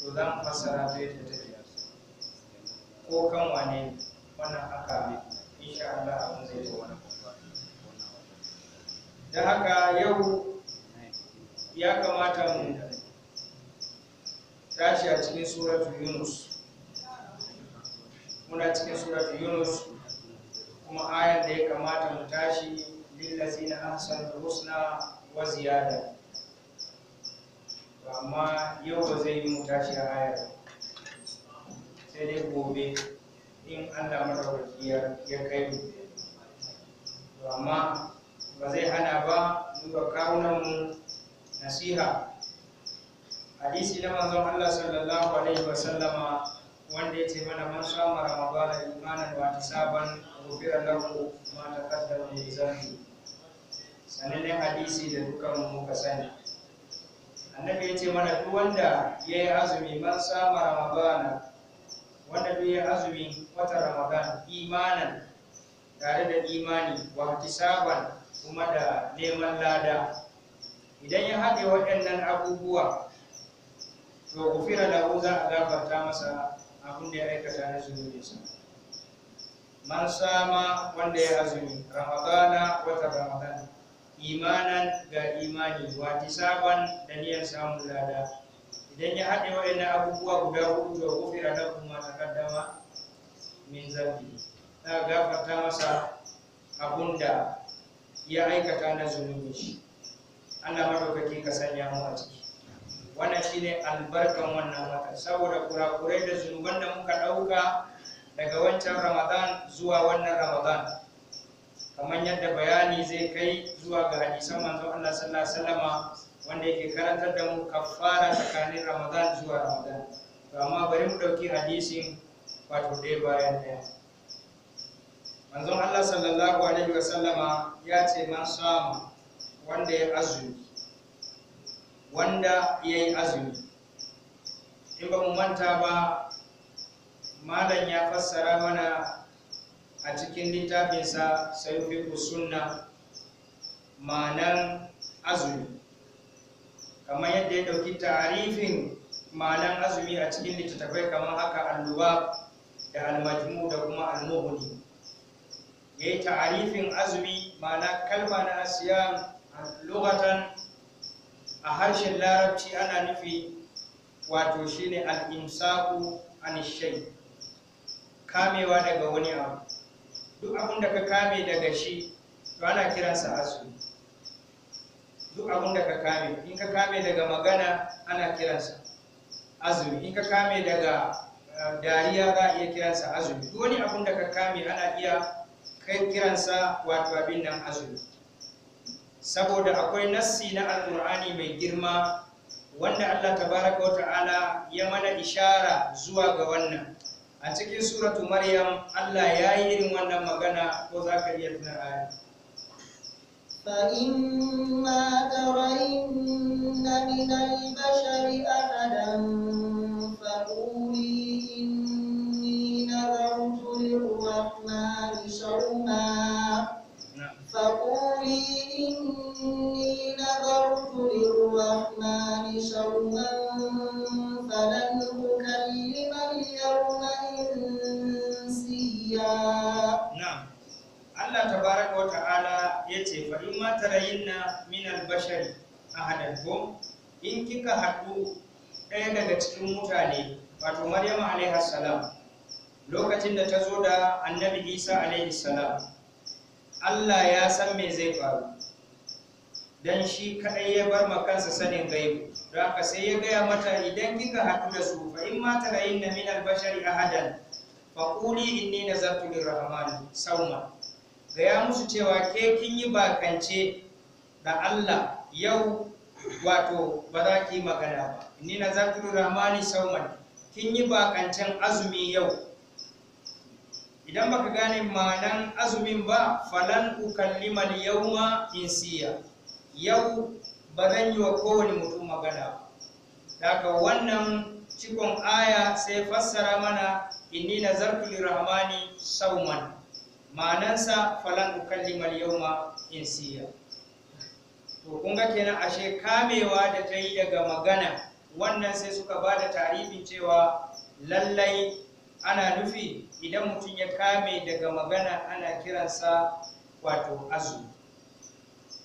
to za mu fassara ta yadda ta biya ko kan wane ne wannan haka insha Allah abin zai zo wani da haka yau ya kamata mu tashi a cikin suratu yunus muna cikin suratu yunus kuma ayar da ya kamata mu tashi lillazina ahsanu husna wa ziyada amma yau ba zai yi mu tashi a ayar sai dai gobe in allah madaukaki ya kai mu to amma ba zai hana ba kawunan mu nasiha hadisi na manzon allah sallallahu alaihi wasallama wanda ya ce mana man sama ramadana imanan wa tisaban gobira ku ma taqaddama min zafi. sanannen hadisi da dukkan muka sani annabi ya ce mana duk wanda ya yi azumi man sama ramadana wanda duk ya azumi wata ramadan imanan tare da imani wa saban kuma da neman lada idan ya haɗe waɗannan abubuwa to gufira ku za a gafarta masa abin da ya aikata na zunubinsa man sama wanda ya azumi ramadana wata ramadana. imanan ga imani wati saban da niyan samun lada idan ya haɗe ina abubuwa guda hudu to fira da kuma takaddama min zambi ta gafarta masa abunda ya aikata na zunubin shi Allah madaukaki ka sanya mu a ciki wannan shine albarkan wannan wata saboda kurakurai da zunuban da muka ɗauka daga wancan ramadan zuwa wannan ramadan kamar yadda bayani zai kai zuwa ga hadisan manzon Allah sallallahu alaihi wasallama wanda yake karantar da mu kafara tsakanin Ramadan zuwa Ramadan to amma bari mu dauki hadisin wato dai bayan daya manzon Allah sallallahu alaihi wasallama ya ce man sama wanda ya azumi wanda ya yi azumi in ba mu manta ba malam ya fassara mana a cikin littafinsa fi sunna ma'anan azumi kamar yadda ya ɗauki tarifin ma'anan azumi a cikin littattafai kamar haka alluwa da almajmu da kuma almuhuni ya yi tarifin azumi ma'ana kalma na asiya lokatan a harshen larabci ana nufi wato shine al an shai kamewa daga wani abu duk abin da ka kame daga shi to ana kiransa azumi duk abin da ka kame in ka kame daga magana ana kiransa azumi in ka kame daga eh, dariya za a iya kiransa azumi duk wani abin da ka kame ana iya kai kiransa wato abin nan azumi saboda akwai nassi na alqur'ani mai girma wanda Allah tabaraka wa ta'ala ya mana ishara zuwa ga wannan a cikin suratu maryam Allah ya yi irin wannan magana ko za ka iya tuna aya فإما ترين من البشر أحدا فقولي إني نذرت للرحمن صوما فقولي إني نذرت للرحمن صوما فلن Na Allah baraka wa ta'ala yace fa in ma tarayinna min al-bashari ahadan in kika haɗu ɗaya daga cikin mutane wato Maryam alaihi salam lokacin da ta zo da Annabi Isa alaihi salam Allah ya san me zai faru dan shi kaɗai ya bar ma kansa sanin gaibu don haka sai ya gaya mata idan kika haɗu da su fa in ma tarayinna min al-bashari ahadan faƙuli inni na zartulin rahamani sauma gaya musu cewa ke kin yi bakance da Allah yau wato ba za ki magana ba inni na zartulin rahamani sauman kin yi bakancen azumi yau idan baka gane ma'anan azumin ba falan ukallimal yauma siya. yau ba zan yi wa kowane mutum magana ba daga wannan cikon aya sai fassara mana inni nazartu lirahmani sauman ma'anansa falan ukallima al-yawma insiya to kun ga kenan ashe kamewa da ta yi daga magana wannan sai suka ba da tarihin cewa lallai ana nufi idan mutum ya kame daga magana ana kiransa wato azu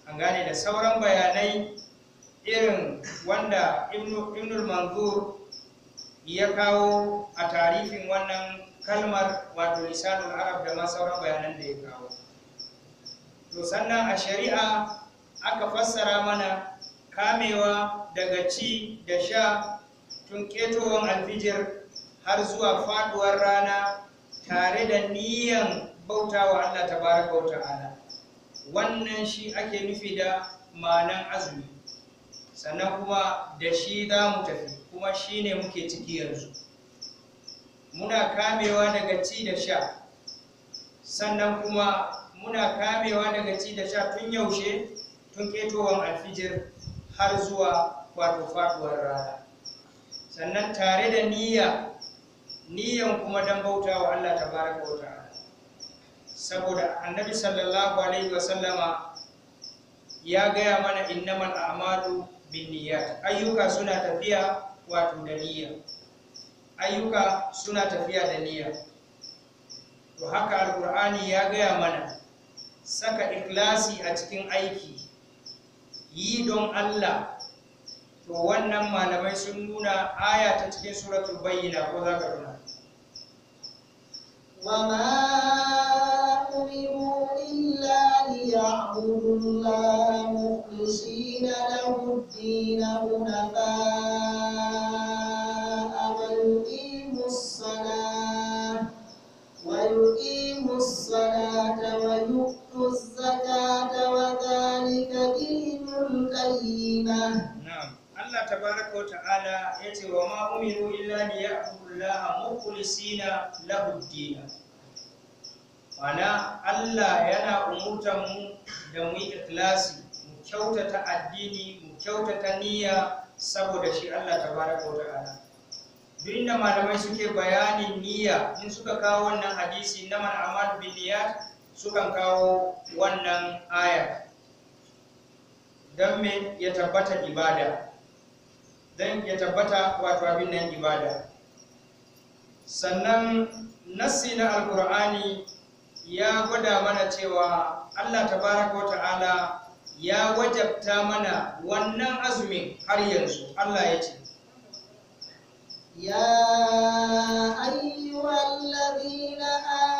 an gane da sauran bayanai irin wanda ibnul manzur ya kawo a tarihin wannan kalmar wato lisanin arab da ma bayanan da ya kawo to sannan a shari'a aka fassara mana kamewa daga ci da sha tun ketowar alfijir har zuwa faduwar rana tare da niyan bautawa Allah tabaraka wa ta'ala wannan shi ake nufi da ma'anan azumi sannan kuma da shi za mu tafi kuma shine muke ciki yanzu muna kamewa daga ci da sha sannan kuma muna kamewa daga ci da sha tun yaushe tun ketowar alfijir har zuwa wato faduwar rana sannan tare da niyya niyyan kuma dan bauta wa Allah tabaraka wa ta'ala saboda annabi sallallahu alaihi wasallama ya gaya mana innamal a'malu binniyat ayyuka suna tafiya wato da niyya ayyuka suna tafiya da niyya to haka alkur'ani ya gaya mana saka ikhlasi a cikin aiki yi don Allah to wannan malamai sun nuna aya ta cikin suratul bayyina ko za ka ma وما أمروا إلا ليعبدوا الله مخلصين له الدين حنفاء ta'ala ya ce wa ma umiru illa li ya'budullaha mukhlisina mana Allah yana umutan mu da mu yi ikilasi, mu kyautata addini mu kyautata niyya saboda shi Allah ta bada ko ta'ala duk inda malamai suke bayanin niyya in suka kawo wannan hadisi na man amal bin sukan kawo wannan aya Dan me ya tabbata ibada don ya tabbata wato abin nan ibada sannan nassi na alkur'ani ya gwada mana cewa allah tabaraka wa ta'ala ya wajabta mana wannan azumin har yanzu allah ya ce ya ayi أيها الذين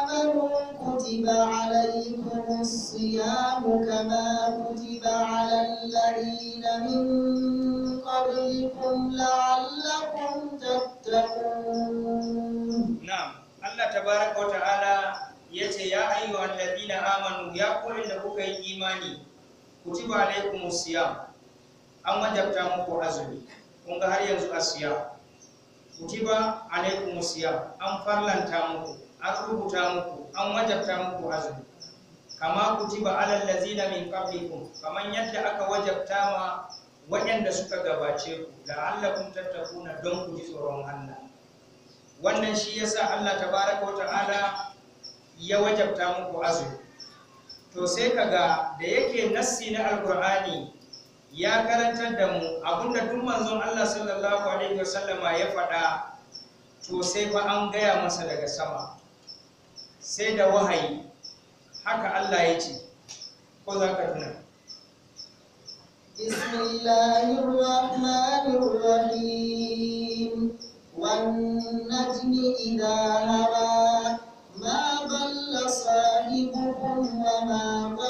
آمنوا كتب عليكم الصيام كما كتب على الذين من قبلكم لعلكم تتقون نعم الله تبارك وتعالى yace ya ayyuhal ladina amanu ya kullun da kuka yi imani kutiba alaikumus siyam an wajabta muku azumi kun ga har yanzu asiya kutiba alaikum siyam an farlanta muku an rubuta muku an wajabta muku azumi kama kutiba alal ladzina min qablikum kaman yadda aka wajabta ma waɗanda suka gabace ku la'allakum tattaquna don ku ji tsoron Allah wannan shi yasa Allah tabaraka ta'ala ya wajabta muku azumi to sai kaga da yake nassi na alqur'ani ya karantar da mu abinda duk manzon Allah sallallahu alaihi wasallama ya faɗa to sai fa an gaya masa daga sama sai da wahayi haka Allah ya ce ko za ka tuna Bismillahirrahmanirrahim idha hawa ma ما ضل wa ma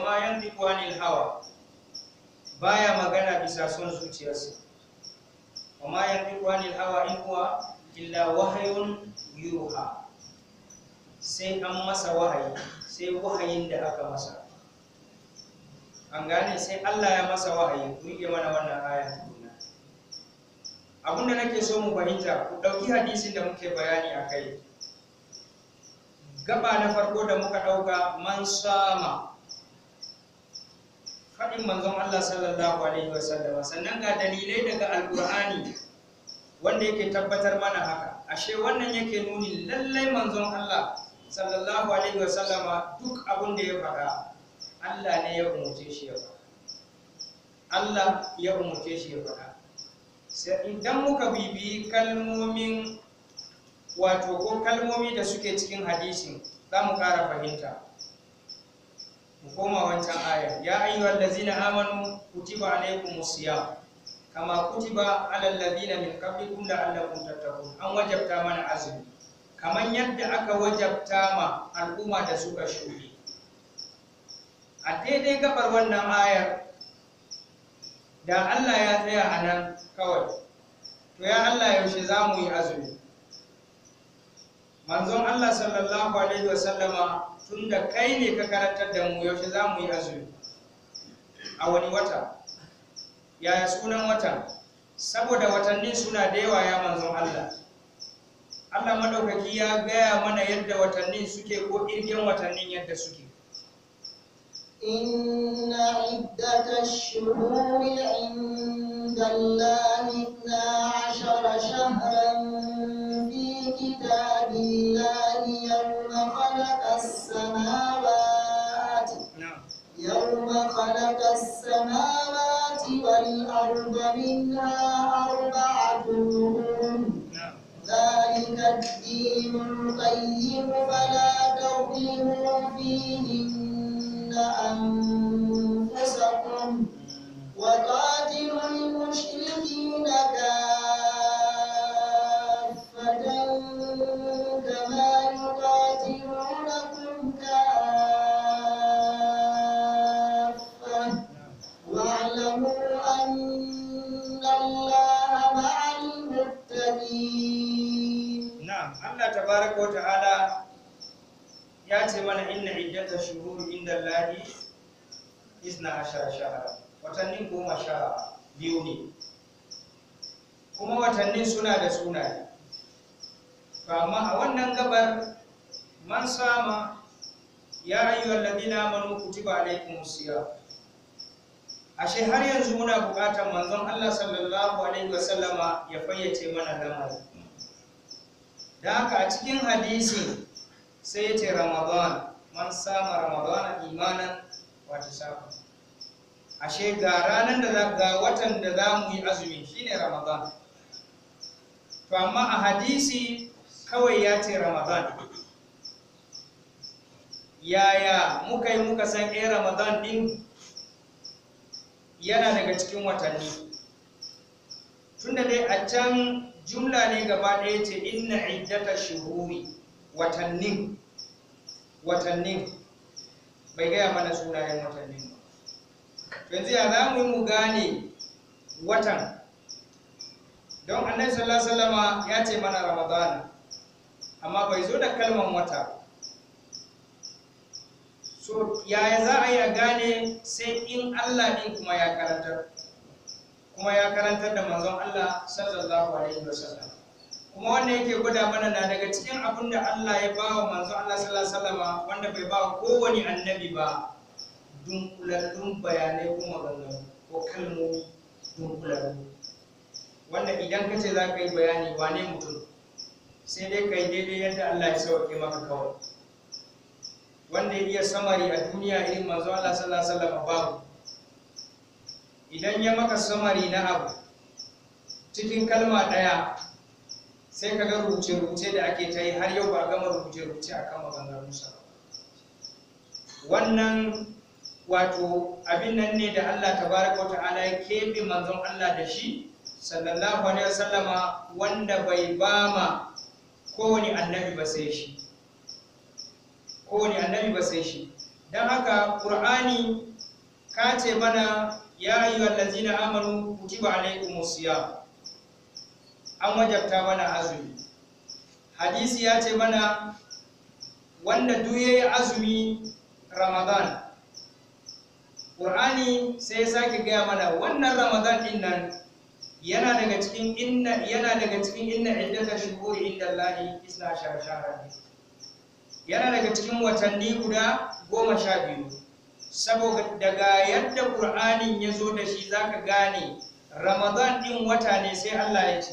wa 'yan yantiqu anil hawa baya magana bisa son zuciyarsa wa ma yantiqu anil hawa in kuwa? illa wahayun yuha sai an masa wahayi sai wahayin da aka masa an gane sai Allah ya masa wahayi ku rike mana wannan aya abinda nake so mu fahimta ku ɗauki hadisin da muke bayani a kai gaba na farko da muka ɗauka man sama faɗin manzon Allah sallallahu alaihi wa sallam sannan ga dalilai daga alqur'ani wanda yake tabbatar mana haka ashe wannan yake nuni lallai manzon Allah sallallahu alaihi wa sallam duk abin da ya faɗa Allah ne ya umurce shi ya faɗa Allah ya umurce shi ya faɗa sai idan muka bibi kalmomin wato ko kalmomi da suke cikin hadisin za mu ƙara fahimta mu koma wancan ayar ya ayyuhal ladzina amanu kutiba alaykumus siyam kama kutiba alal ladina min qablikum la'allakum tattaqun an wajabta mana azumi kaman yadda aka wajabta ma al'umma da suka shuɗe a daidai gabar wannan ayar da Allah ya tsaya a nan kawai to ya Allah yaushe za mu yi azumi manzon Allah sallallahu alaihi wa sallama tunda kai ne ka karantar da mu yaushe za mu yi azumi a wani wata yaya sunan wata, saboda watannin suna da yawa ya manzon Allah Allah madaukaki ya gaya mana yadda watannin suke ko irgen watannin yadda suke إن عدة الشهور عند الله اثنا عشر شهرا السماوات والأرض منها أربعة قرون ذلك الدين القيم فلا تظلموا فيهن أنفسكم وقال tabaraka wa ta'ala ya ce mana inna iddata shuhur inda Allahi isna ashara shahara watanni goma sha biyu ne kuma watannin suna da suna ne. Ba amma a wannan gabar man sama ya na kuti ba na kutiba alaykumus siyam ashe har yanzu muna buƙatar manzon Allah sallallahu alaihi wasallama ya fayyace mana lamarin da haka a cikin hadisi sai ya ce ramadan man sama ramadan imanan wata shafa ashe ga ranar da za ga watan da za mu yi azumi shine ramadan to amma a hadisi kawai ya ce ramadan yaya muka yi muka san eh ramadan din yana daga cikin watanni tunda dai a can jumla ne gaba ɗaya ce inna iddata shuhuri watannin watannin bai gaya mana sunayen watannin ba yanzu ya za mu mu gane watan don annabi sallallahu sallama ya ce mana ramadana amma bai zo da kalman wata so yaya za a yi a gane sai in allah ne kuma ya karantar kuma ya karantar da manzon Allah sallallahu alaihi wasallam kuma wanda yake gwada mana na daga cikin abin da Allah ya ba wa manzon Allah sallallahu alaihi wasallam wanda bai ba kowane annabi ba dunkulallun bayanai ko maganganu ko kalmomi dunkulallu wanda idan ka ce za ka yi bayani wane mutum sai dai ka yi daidai yadda Allah ya sauke maka kawai wanda ya iya samari a duniya irin manzon Allah sallallahu alaihi wasallam babu idan ya maka samari na abu cikin kalma ɗaya sai ka ga rubuce-rubuce da ake ta yi har yau ba gama rubuce-rubuce a kan sa wannan wato abin nan ne da Allah tabaraka ta'ala ya keɓe manzon Allah da shi sallallahu alaihi wasallama wanda bai ba ma kowane annabi ba sai shi kowane annabi ba sai shi don haka ƙur'ani ka ce mana ya yi na ayyuhal ladzina amanu kutiba alaykumus siya. an wajabta mana azumi hadisi ya ce mana wanda duye yayi azumi ramadan qur'ani sai ya sake gaya mana wannan ramadan din nan yana daga cikin inna yana daga cikin inna iddata shuhuri inda Allahi isna shahara yana daga cikin watanni guda goma sha biyu saboda daga yadda ƙur'anin ya zo da shi za ka gane ramadan ɗin wata ne sai allah ya ce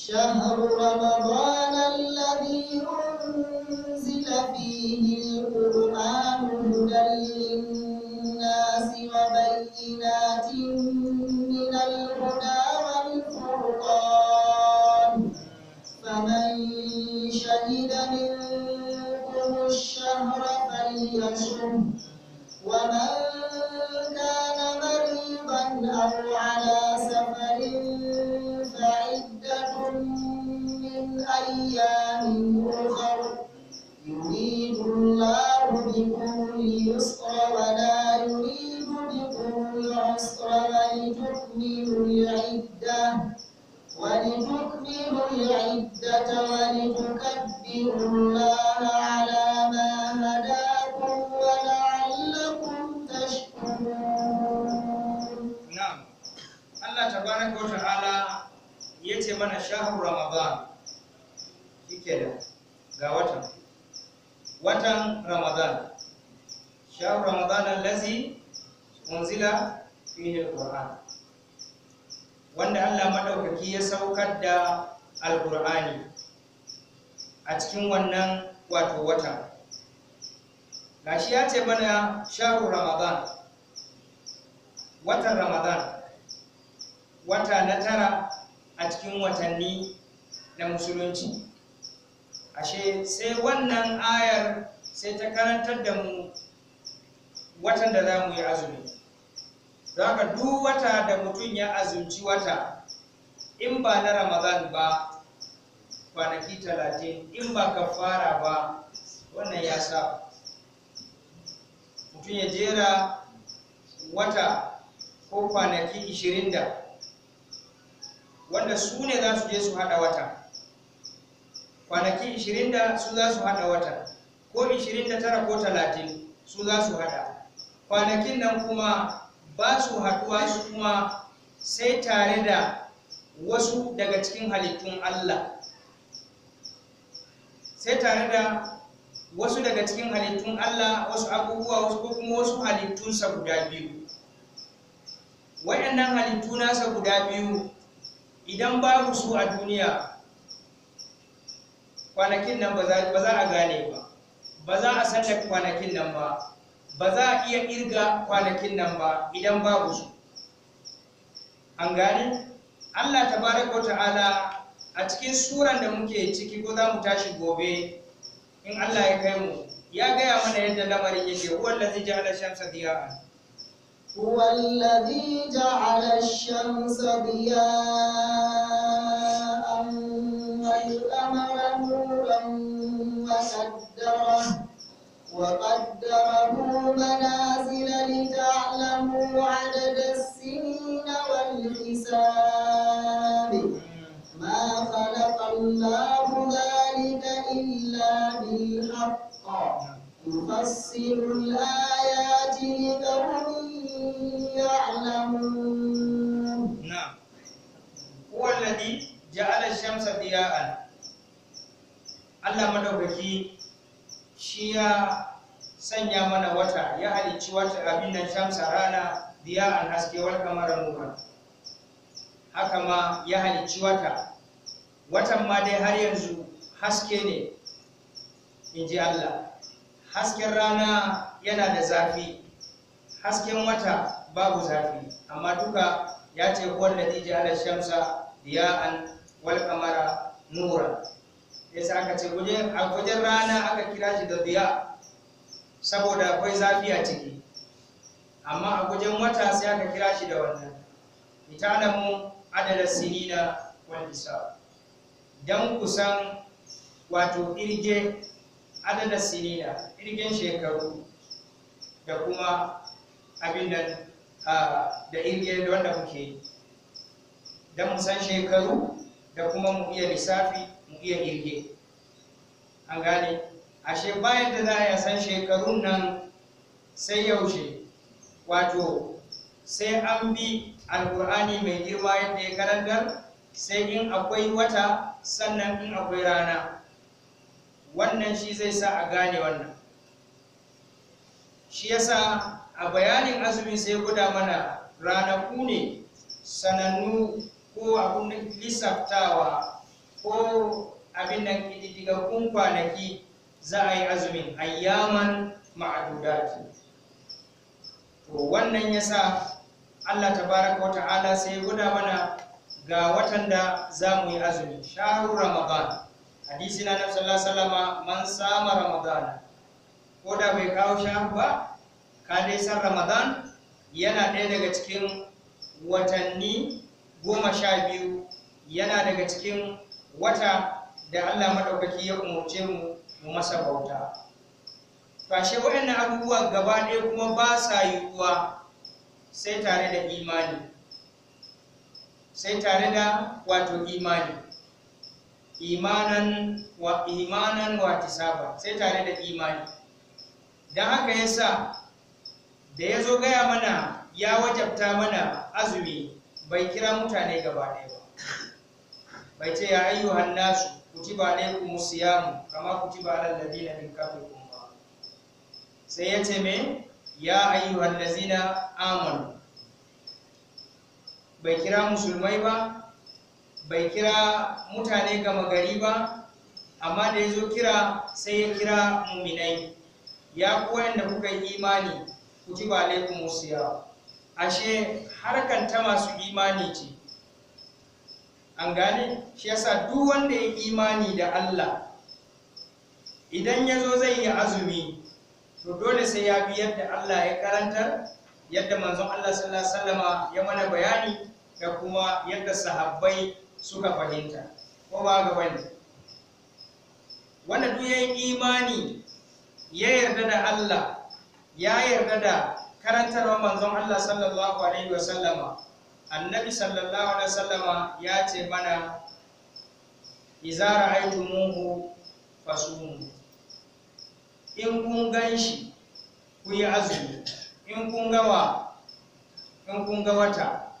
شهر رمضان الذي أنزل فيه القرآن هدى للناس وبينات من الهدى والفرقان فمن شهد منكم الشهر يشره ومن كان مريضا أو على سفر فعدة من أيام أخر يريد الله بكم اليسر ولا يريد بكم العسر ولتكملوا العدة ولتكملوا العدة ولتكبروا الله على mana shahar ramadan da? ga watan watan ramadan shahar ramadan lazi unzila fihi alquran wanda Allah maɗaukaki ya saukar da alqurani a cikin wannan wato watan shi ya ce mana shahar ramadan watan ramadan wata na tara a cikin watanni na musulunci ashe sai wannan ayar sai ta karantar da mu watan da za mu yi azumi Za ka duk wata da mutum ya azumci wata in ba na ramadan ba kwanaki talatin in ba ka fara ba wannan ya sa mutum ya jera wata ko kwanaki ishirin da wanda su ne za su je su hada wata kwanaki 20 da su za su hada wata ko 29 ko 30 su za su hada kwanakin nan kuma ba su haduwa su kuma sai tare da wasu daga cikin halittun Allah sai tare da wasu daga cikin halittun Allah wasu abubuwa wasu ko kuma wasu halittunsa guda biyu waɗannan halittu nasa guda biyu idan babu su a duniya kwanakin nan ba za a gane ba ba za a san kwanakin nan ba ba za a iya irga kwanakin nan ba idan babu su an gane allah tabaraka ta'ala a cikin suran da muke ciki ko za mu tashi gobe in allah ya kai mu ya gaya mana yadda lamarin yake zai zai ji shamsa diyaa هو الذي جعل الشمس ضياء والقمر نورا وقدره وقدره منازل لتعلموا عدد السنين والحساب ما خلق الله ذلك إلا بالحق يفسر الآيات لقوم يعلمون نعم هو الذي جعل الشمس ضياء Allah madaukaki shi ya sanya mana wata ya halicci wata abin nan shamsa rana diya'an haske wal kamara haka ma ya halicci wata watan ma dai har yanzu haske ne in ji Allah hasken rana yana da zafi hasken wata babu zafi amma duka ya ce wallazi ala shamsa ya wal walƙamara nura yasa aka ce wajen a wajen rana aka kira shi da biya? saboda akwai zafi a ciki amma a kujen wata sai aka kira shi da wannan Ita mu adada sinina wal hisab dan kusan wato irge adada sinina irgen shekaru da kuma abin nan da indiya wanda muke yi don mu san shekaru da kuma mu iya lissafi mu iya girge an gane ashe bayan da za a san shekarun nan sai yaushe wato sai an bi alkur'ani mai girma yadda ya karantar sai in akwai wata sannan in akwai rana wannan shi zai sa a gane wannan shi yasa a bayanin azumin sai guda mana ranaku ne sanannu ko abin lissaftawa ko abin da ƙididdigaggun kwanaki za a yi azumin ayyaman ma'adudati to wannan ya sa Allah tabaraka wa ta'ala sai guda mana ga watan da za mu yi azumi sharu ramadan hadisi na nabi sallallahu alaihi man sama ramadan ko da bai kawo shahu ba ka san ramadan yana ɗaya daga cikin watanni goma sha biyu yana daga cikin wata da allah maɗaukaki ya umarce mu mu masa bauta fashe waɗannan abubuwa gaba ɗaya kuma ba sa yiwuwa sai tare da imani sai tare da wato imani imanan wa imanan wa tisaba sai tare da imani don haka yasa da ya zo gaya mana ya wajabta mana azumi bai kira mutane gaba ɗaya ba bai ce ya ayyuhan nasu kutiba alaikum siyamu kama kutiba alal ladina min qablikum ba sai ya ce me ya ayyuhan zina amanu bai kira musulmai ba bai kira mutane gama gari ba amma da ya zo kira sai ya kira muminai ya kuwa da kuka imani kutiba alaikum musiya ashe harkan ta masu imani ce an gane shi yasa duk wanda ya imani da Allah idan ya zo zai yi azumi to dole sai ya bi yadda Allah ya karantar yadda manzon Allah sallallahu alaihi wasallama ya mana bayani da kuma yadda sahabbai suka fahimta ko ba ga bane wanda duk ya imani ya yarda da Allah ya yarda da wa manzon Allah sallallahu alaihi Sallama, annabi sallallahu alaihi Sallama, ya ce mana iza muhu fasumu in kun ganshi ku yi azumi in kun gawa in kun ga wata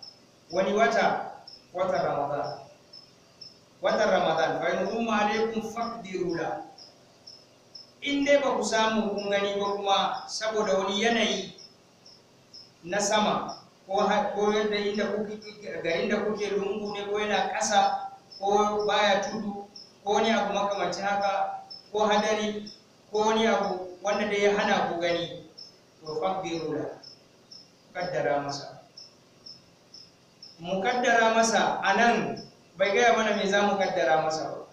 wani wata watan ramadan watan ramadan fa in umma alaikum faqdiru la in dai ba ku samu kun gani ba kuma saboda wani yanayi na sama ko yadda inda kuke garin da kuke lungu ne ko yana ƙasa ko baya tudu ko wani abu makamancin haka ko hadari ko wani abu wanda dai ya hana ku gani to fabbiru da kaddara masa mu kaddara masa anan bai gaya mana me za mu kaddara masa ba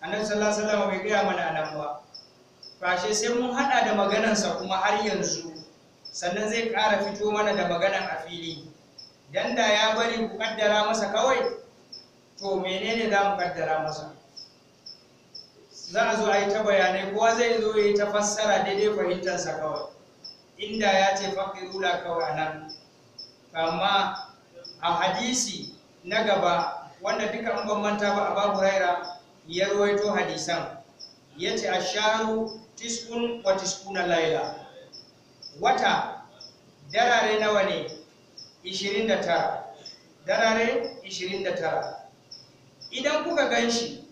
annabi sallallahu alaihi wasallam bai gaya mana anan ba fashe sai mun haɗa da maganansa kuma har yanzu sannan zai ƙara fito mana da maganan a fili dan da ya bari ku ƙaddara masa kawai to menene za mu kaddara masa za a zo a yi ta bayanai kowa zai zo ya yi ta fassara daidai fahimtarsa kawai inda ya ce faƙi rula kawai nan amma a hadisi na gaba wanda duka an ban manta ba a babu raira ya ruwaito hadisan yace asharu tiskun wa tiskuna laila wata darare nawa ne 29 darare 29 idan kuka ganshi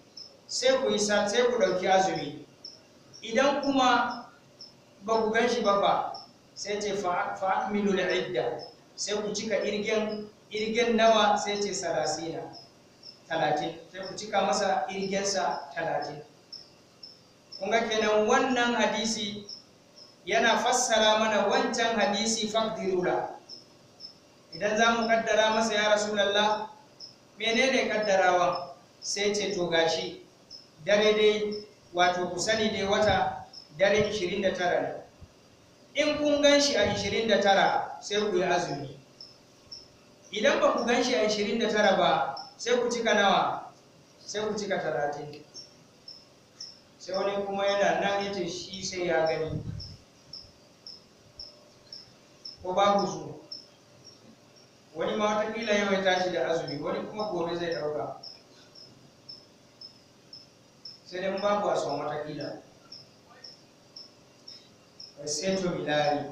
sai ku isa sai ku dauki azumi idan kuma ba ku ganshi ba fa sai ce fa akmilu idda sai ku cika irgen irgen nawa sai ce 30 talatin sai ku cika masa irgensa talatin kuma kenan wannan hadisi yana fassara mana wancan hadisi faqdirula idan za mu kaddara masa ya rasulullah menene kaddarawa sai ce to gashi dare dai wato ku sani dai wata dare 29 ne in kun ganshi a 29 sai ku yi azumi idan ba ku ganshi a 29 ba sai ku cika nawa sai ku cika 30 sai wani kuma yana nan yace shi sai ya gani ko babu su wani ma watakila yau ya tashi da azumi wani kuma gobe zai ɗauka sai dai babu a kila watakila seto milari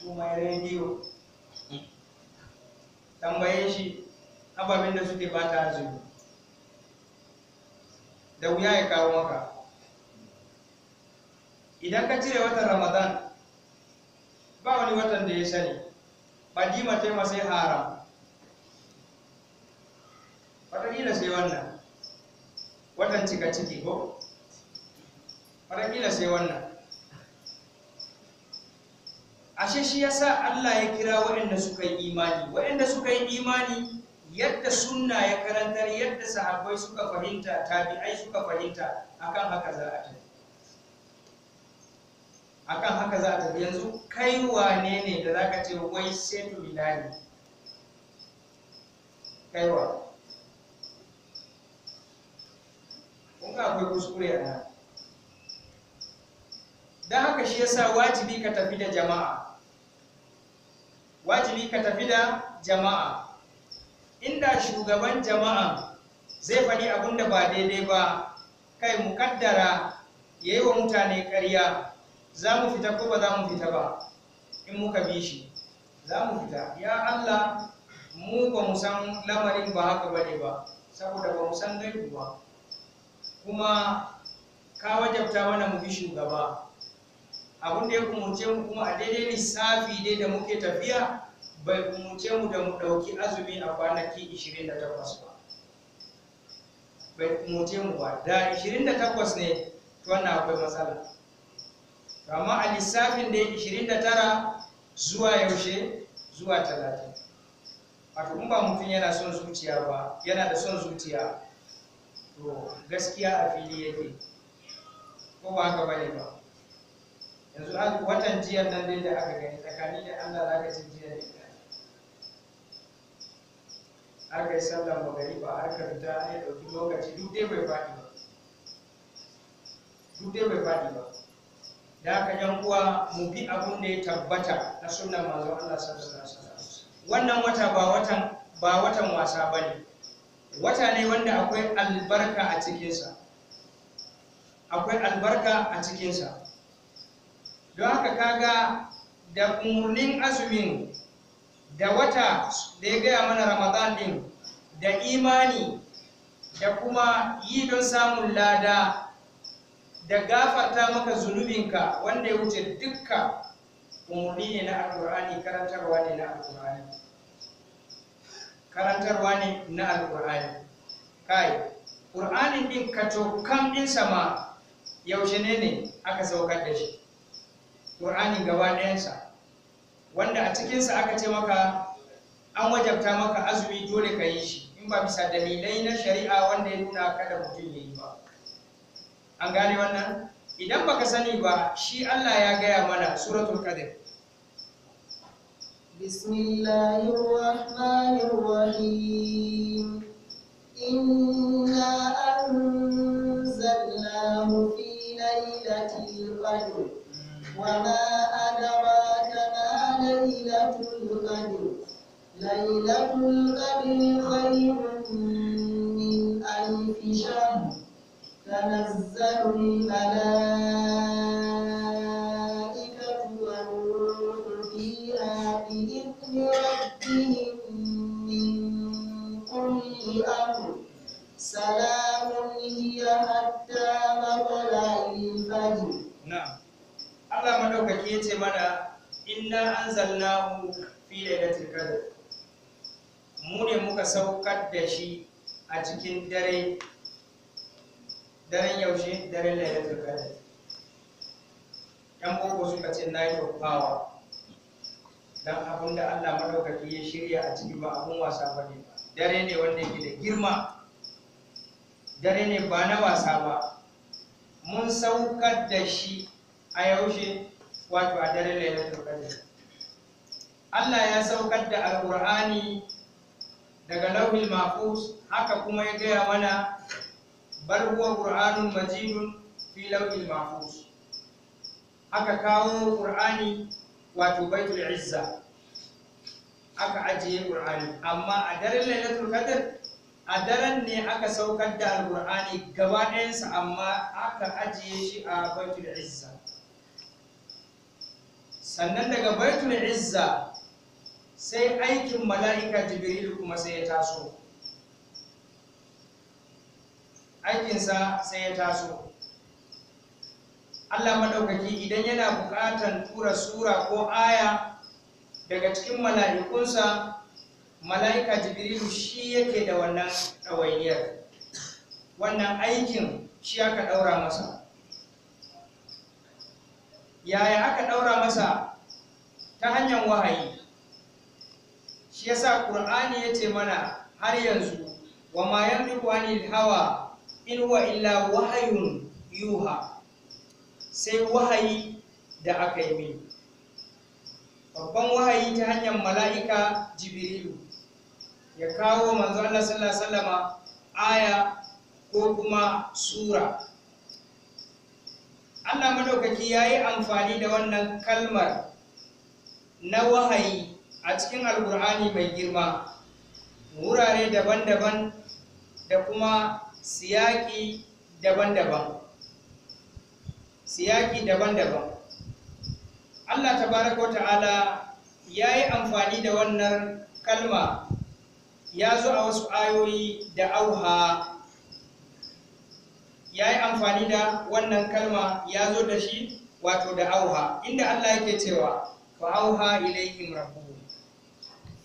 su mai rediyo tambaye shi ababen da suke bata azumi da wuya ya kawo maka idan ka cire watan ramadan ba wani watan da ya sani ƙadima ta sai haram watakila sai wannan watan cika ciki ko watakila sai wannan ashe shi yasa Allah ya kira waɗanda suka yi imani waɗanda suka yi imani yadda sunna ya karantar yadda sahabbai suka fahimta tabi'ai suka fahimta akan haka za a tafi akan haka za a tafi yanzu kai wane ne da zaka ce wai setu bilali kaiwa kun ga akwai kuskure a nan don haka shi yasa wajibi ka tafi da jama'a wajibi ka tafi da jama'a inda shugaban jama'a zai faɗi abin da ba daidai ba kai mukaddara ya yi wa mutane ƙarya za mu fita ko ba za mu fita ba in muka bi shi za mu fita ya allah mu ba mu san lamarin ba haka ba ne ba saboda ba mu san gaibu ba kuma ka wajabta mana mu bi shugaba abin da ya ce mu kuma a daidai lissafi dai da muke tafiya bai umurce mu da mu ɗauki azumi a kwanaki 28 ba bai umurce mu ba da 28 ne to wannan akwai matsala amma a lissafin da 29 zuwa yaushe zuwa 30 wato in ba mutum yana son zuciya ba yana da son zuciya to gaskiya a fili yake ko ba haka bane ba yanzu watan jiyar nan da aka gani tsakani da Allah zaka ci jiyar ne aka yi sallar magariba harkar ta ya ɗauki lokaci duk dai bai faɗi ba duk dai bai faɗi ba da haka yan uwa mu bi abin da ya tabbata na sunnar manzon Allah sallallahu alaihi wasallam wannan wata ba watan ba watan wasa bane wata ne wanda akwai albarka a cikinsa akwai albarka a cikinsa don haka kaga da umurnin azumin da wata da ya gaya mana ramadan din da imani da kuma yi don samun lada da gafarta maka zunubinka wanda ya wuce dukka umarni ne na alkur'ani karantarwa ne na alkur'ani karantarwa ne na alkur'ani kai ƙur'anin din kacokan din sama yaushe ne ne aka saukar da shi ƙur'anin gaba ɗayansa wanda a cikinsa aka ce maka an wajabta maka azumi dole ka yi shi in ba bisa dalilai na shari'a wanda ya nuna kada mutum ya yi ba an gane wannan idan baka sani ba shi Allah ya gaya mana suratul qadr bismillahirrahmanirrahim inna anzalnahu fi lailatil qadr wa ma adraka ليلة القدر ليلة القدر خير من ألف شهر تنزل الملائكة anzalnahu fi lailatul qadr mu ne muka saukar da shi a cikin dare daren yaushe daren lailatul qadr yan boko suka ce night of power dan abin da Allah madaukaki ya shirya a ciki ba abun wasa ba ne ba dare ne wanda yake da girma dare ne ba na wasa ba mun saukar da shi a yaushe wato a daren lailatul qadr Allah ya saukar da alkur'ani daga lauhin mafus haka kuma ya gaya mana bar huwa qur'anun majidun fi lauhin mafus aka kawo qur'ani wato baitul izza aka ajiye qur'ani amma a daren lailatul qadr a daren ne aka saukar da alkur'ani gaba ɗayansa amma aka ajiye shi a baitul izza sannan daga baitul izza sai aikin mala'ika jibril kuma sai ya taso aikinsa sai ya taso Allah maɗaukaki idan yana buƙatan tura sura ko aya daga cikin mala'ikunsa mala'ika jibrilu shi yake da wannan ɗawainiyar wannan aikin shi aka ɗaura masa yaya aka ɗaura masa ta hanyar wahayi shi yasa qur'ani yace mana har yanzu wa ma yanzu hawa in huwa illa wahayun yuha sai wahayi da aka yi mai babban wahayi ta hanyar mala'ika jibrilu ya kawo manzo Allah sallallahu alaihi wasallama aya ko kuma sura Allah madaukaki yayi amfani da wannan kalmar na wahayi a cikin alkur'ani mai girma wurare daban-daban da kuma siyaki daban-daban siyaki daban-daban Allah tabaraka ta'ala ya yi amfani da wannan kalma ya zo a wasu ayoyi da auha ya yi amfani da wannan kalma ya zo da shi wato da auha inda Allah yake cewa fa auha ilaihim rabbuhum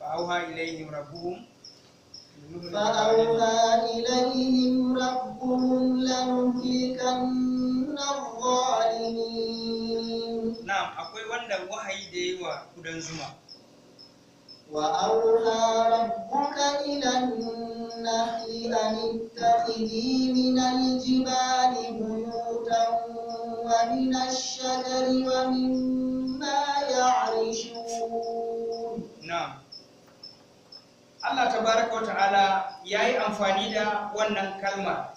فأوحى إليهم ربهم فأوحى إليهم ربهم لنهلكن الظالمين نعم أقول وانا وحي ديوا كدن زما وأوحى ربك إلى النحل أن اتخذي من الجبال بيوتا ومن الشجر ومما يعرشون نعم Allah tabaraka wa ta'ala ya yi amfani da wannan kalmar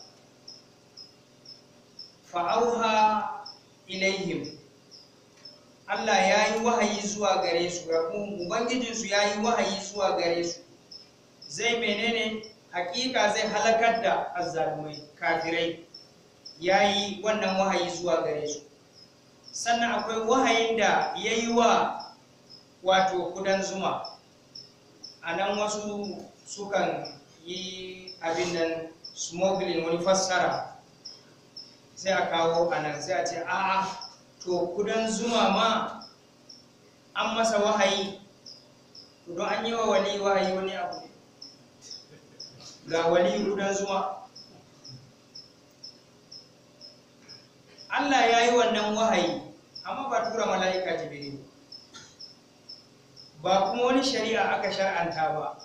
fa'auha ilaihim Allah ya yi wahayi zuwa gare su ubangijinsu ya yi wahayi zuwa gare su zai menene hakika zai halakar da azzalumai kafirai ya yi wannan wahayi zuwa gare su sannan akwai wahayin da ya yi wa wato kudan zuma a nan wasu sukan yi abin nan smuggling wani fassara sai a kawo a nan sai a ce a'a to kudan zuma ma an masa wahayi to don an yi wa wani wahayi wani abu ga wali kudan zuma Allah ya yi wannan wahayi amma ba tura mala'ika jibiri ba kuma wani shari'a aka shar'anta ba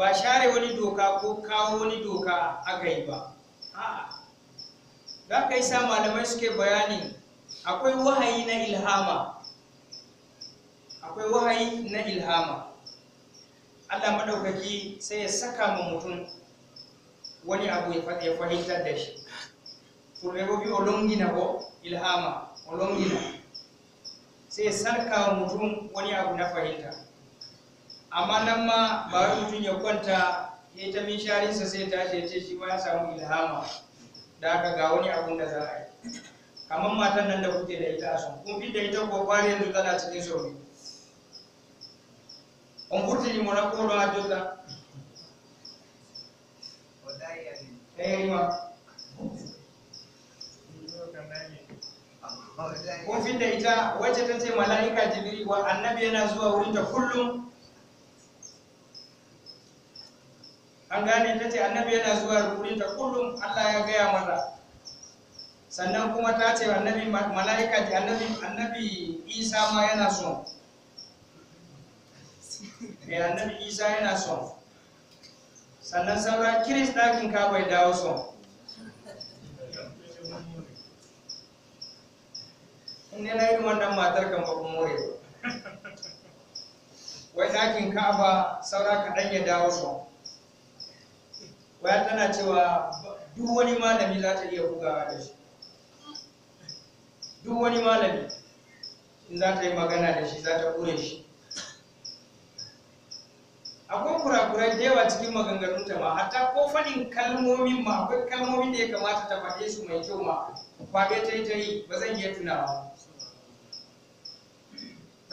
ba share wani doka ko kawo wani doka aka yi ba a'a Za ka yi sa malamai suke bayani akwai wahayi na ilhama akwai wahayi na ilhama Allah maɗaukaki sai ya saka ma mutum wani abu ya fahimtar da shi fulɓe bo wi o longina ilhama o longina sai sarka mutum wani abu na fahimta amma nan ma ba wai mutum ya kwanta ya yi ta minsharinsa sai ta ya ce shi ma ya samu ilhama da aka ga wani abun da za a yi kamar matan nan da kuke da ita a sun kun fi da ita ko kwari yanzu tana cikin sauri on furtini mo na ko ɗo ha jotta o dayi ani kofin da ita wacce ta ce mala'ika jibiri wa annabi yana zuwa wurin ta kullum an gane ta ce annabi yana zuwa wurin ta kullum Allah ya gaya mata sannan kuma ta ce annabi mala'ika ji annabi annabi Isa ma yana son eh annabi Isa yana son sannan saura kiris dakin ka bai dawo son in na yi wannan matar kan babu more ba wai ɗakin ka'aba saura kaɗan ya dawo su? waya tana cewa duk wani malami za ta iya bugawa da shi duk wani malami in za ta yi magana da shi za ta ƙure shi akwai kurakurai da yawa cikin maganganunta ma hatta ko faɗin kalmomin ma akwai kalmomin da ya kamata ta faɗe su mai kyau ma kwaɗe ta yi ta yi ba zan iya tunawa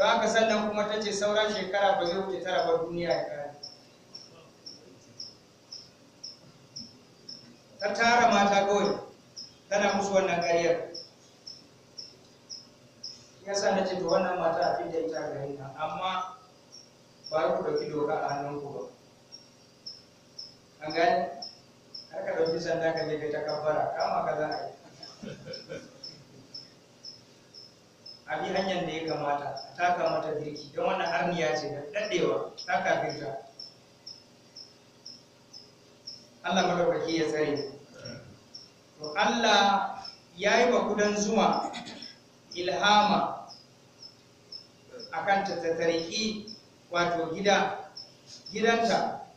don aka sannan kuma ta ce sauran shekara ba zai wuce tara ba duniya ya kare ta tara mata kawai tana musu wannan karyar ya sa na ce to wannan mata a fidda ita ga na amma ba ku ɗauki doka a hannunku ba an gane har ka ɗauki sanda ka je ka ta kabbara kama ka za a yi Abi hanyar da ya kamata a taka mata birki don wannan harniya ce da daɗewa ta kafirta Allah madaukaki ya tsare to Allah ya yi wa kudan zuma ilhama akan ta tariki wato gida gidanta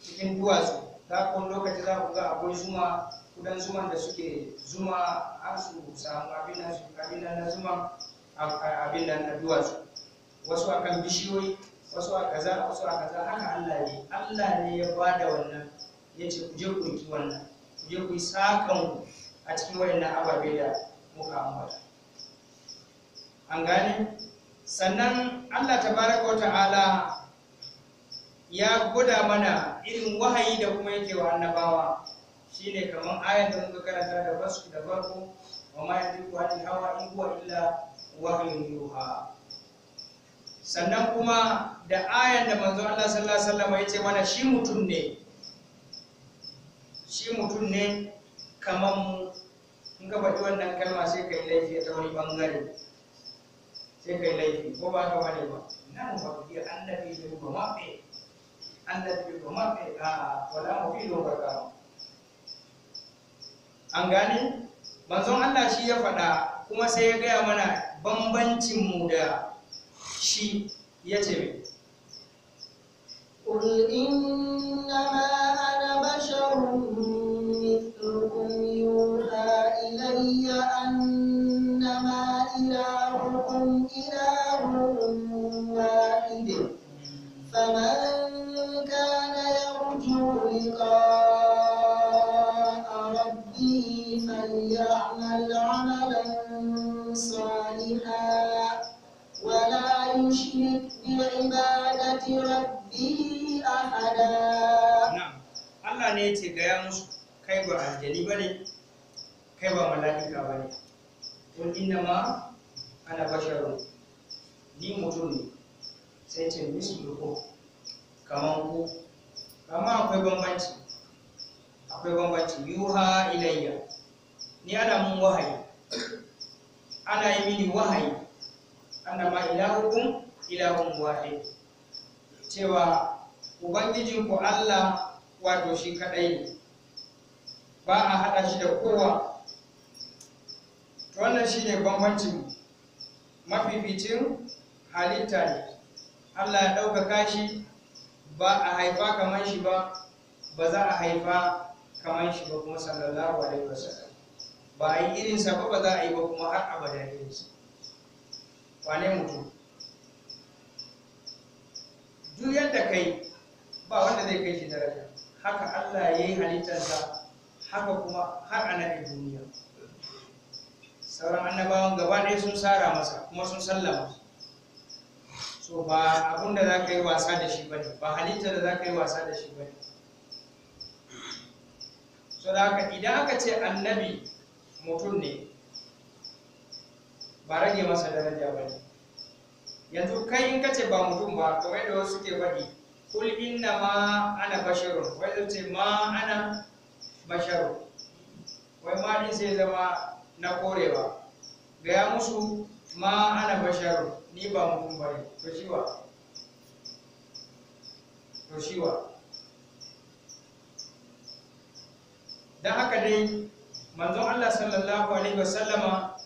cikin duwatsu za kun lokaci za ku ga akwai zuma kudan zuman da suke zuma har su samu abin da na zuma abin da na duwatsu wasu akan bishiyoyi wasu a kaza wasu a kaza haka Allah ne Allah ne ya bada wannan ya ce ku je ku yi wannan ku je ku yi sakan ku a cikin wayannan ababe da muka ambata an gane sannan Allah tabaraka ta'ala ya gwada mana irin wahayi da kuma yake wa annabawa shine kaman ayar da muka karanta da wasu da farko wa ma yadiku anil hawa in huwa illa wahyun yuha sannan kuma da ayan da manzo Allah sallallahu alaihi wasallam ya ce mana shi mutum ne shi mutum ne kaman mu in ka faɗi wannan kalma sai kai laifi ta wani bangare sai kai laifi ko ba ka wani ba nan ba ku iya annabi ne ba ma annabi ba ma a wala mu fi lokaka an gane manzon Allah shi ya faɗa kuma sai ya gaya mana bambancin mu da shi ya ce mai يشرك بعبادة ربه أحدا نعم الله نيتي غير kai ba aljani ba ne kai ba mala'ika ba ne kun inda ma ana basharun ni mutum ne sai ce misluku kaman ku kama akwai bambanci akwai bambanci yuha ilayya ni ana mun wahayi ana yi mini wahayi annama ilahukum ilahun wahid cewa ku Allah wato shi kadai ne ba a haɗa shi da kowa to wannan shine bambancin mafificin halitta ne Allah ya ɗaukaka shi ba a haifa kamar shi ba ba za a haifa kamar shi ba kuma sallallahu alaihi wasallam ba a yi irinsa ba ba za a yi ba kuma har abada irinsa wane mutum duk yadda kai ba wanda zai kai shi daraja haka Allah ya yi halittarsa haka kuma har annabi duniya sauran annabawan gaba ɗaya sun tsara masa kuma sun sallama so ba abun da za ka yi wasa da shi bane ba halittar da za ka yi wasa da shi bane so da haka idan aka ce annabi mutum ne ba rage masa daraja ba ne yanzu kai in kace ba mutum ba kamar da wasu ke faɗi kul inna ma ana basharun wai zai ce ma ana basharun wai ma din sai zama na korewa gaya musu ma ana basharun ni ba mutum ba ne to shi wa to shi wa don haka dai manzon Allah sallallahu alaihi wasallama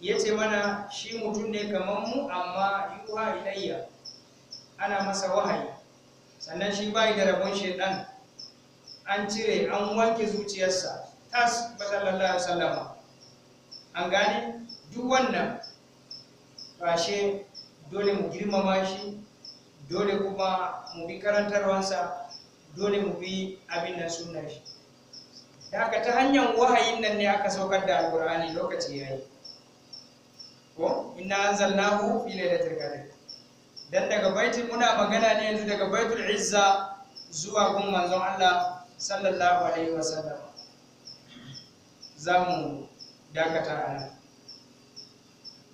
ya ce mana shi mutum ne kamar mu amma yuha ilayya ana masa wahayi sannan shi bai da rabon shaidan an cire an wanke zuciyarsa tas ba sallallahu alaihi wasallama an gane duk wannan fashe dole mu girmama shi dole kuma mu bi karantarwansa dole mu bi abin nan sunnar shi da aka ta hanyar wahayin nan ne aka saukar da alkur'ani lokaci yayi ko inna anzalnahu fi laylatil qadr dan daga baitul muna magana ne yanzu daga baitul izza zuwa gun manzon Allah sallallahu alaihi wasallam zamu dakata a nan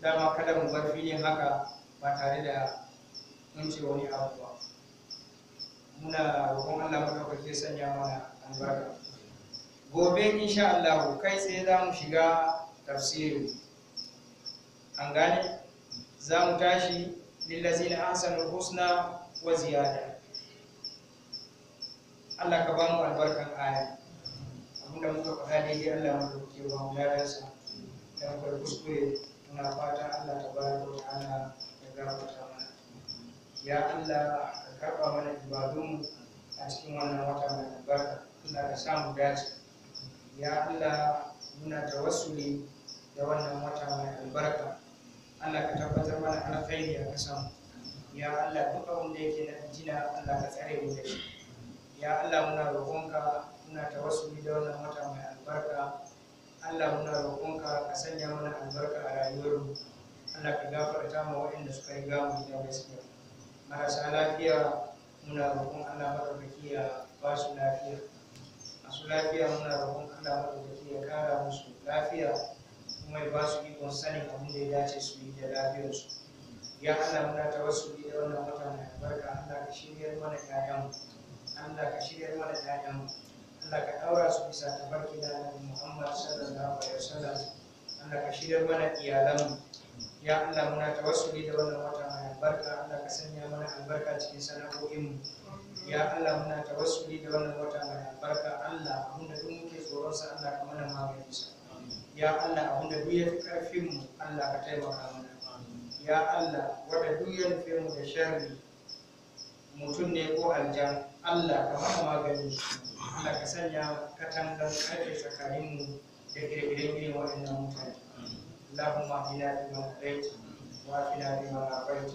dama kada mu bar filin haka ba tare da mun ce wani abu ba muna roƙon Allah madaukake sanya mana albarka gobe insha Allah kai tsaye za mu shiga tafsirin an gane za mu tashi lillazina ahsanul husna wa ziyada Allah ka ba mu albarkan aya abinda muka faɗa daidai Allah mu dauke ba mu yaransa dan kwar kuskure muna fatan Allah tabaraka wa ta'ala ya gafarta mana ya Allah ka karba mana ibadun a cikin wannan wata mai albarka Allah da samu dace ya Allah muna tawassuli da wannan wata mai albarka Allah ka tabbatar mana alkhairi a kasan ya Allah duk abin da yake na jina Allah ka tsare mu da shi ya Allah muna roƙonka muna tawassuli da wannan wata mai albarka Allah muna roƙonka ka sanya mana albarka a rayuwarmu Allah ka gafarta mu waɗanda suka yi gamu da gaskiya marasa lafiya muna roƙon Allah maɗaukaki ya ba su lafiya masu lafiya muna roƙon Allah maɗaukaki ya kara musu lafiya kuma ya ba su ikon sanin abin da ya dace su yi da lafiyarsu ya Allah muna ta wasu bi da wannan wata mai barka, Allah ka shiryar mana ƴaƴanmu. Allah ka shiryar mana ƴaƴanmu. Allah ka ɗaura su bisa ta farki da Annabi Muhammad sallallahu alaihi wasallam Allah ka shiryar mana iyalan ya Allah muna ta wasu bi da wannan wata mai barka, Allah ka sanya mana albarka cikin sana'o'in ya Allah muna ta wasu bi da wannan wata mai barka, Allah abinda duk muke tsoron sa Allah ka mana maganin sa ya Allah abinda duk ya fi ƙarfin mu Allah ka taimaka mana ya Allah wanda duk ya fi mu da sharri mutum ne ko aljan Allah ka mana magani Allah ka sanya katangar karfe tsakanin mu da gire-giren irin waɗannan mutane اللهم اهدنا فيمن هديت وعافنا فيما عافيت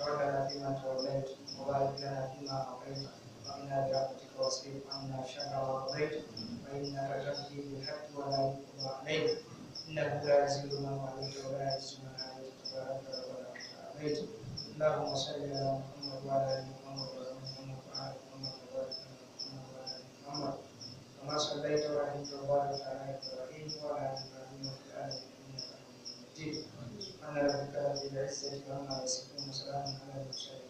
وتولنا فيما توليت وبارك لنا فيما أعطيت أن برحمتك واصرف أن شر ما قضيت فإنك تقضي بالحق ولا يقضى عليك إنه لا يزيد من عليك ولا يزيد من عليك تبارك ولا عليك اللهم صل على محمد وعلى آل محمد وعلى محمد وعلى محمد وبارك محمد وعلى آل محمد كما صليت وعليك وبارك على إبراهيم وعلى آل إبراهيم في العالمين إنك حميد مجيد سبحان ربك رب العزة عما يصفون وسلام على المرسلين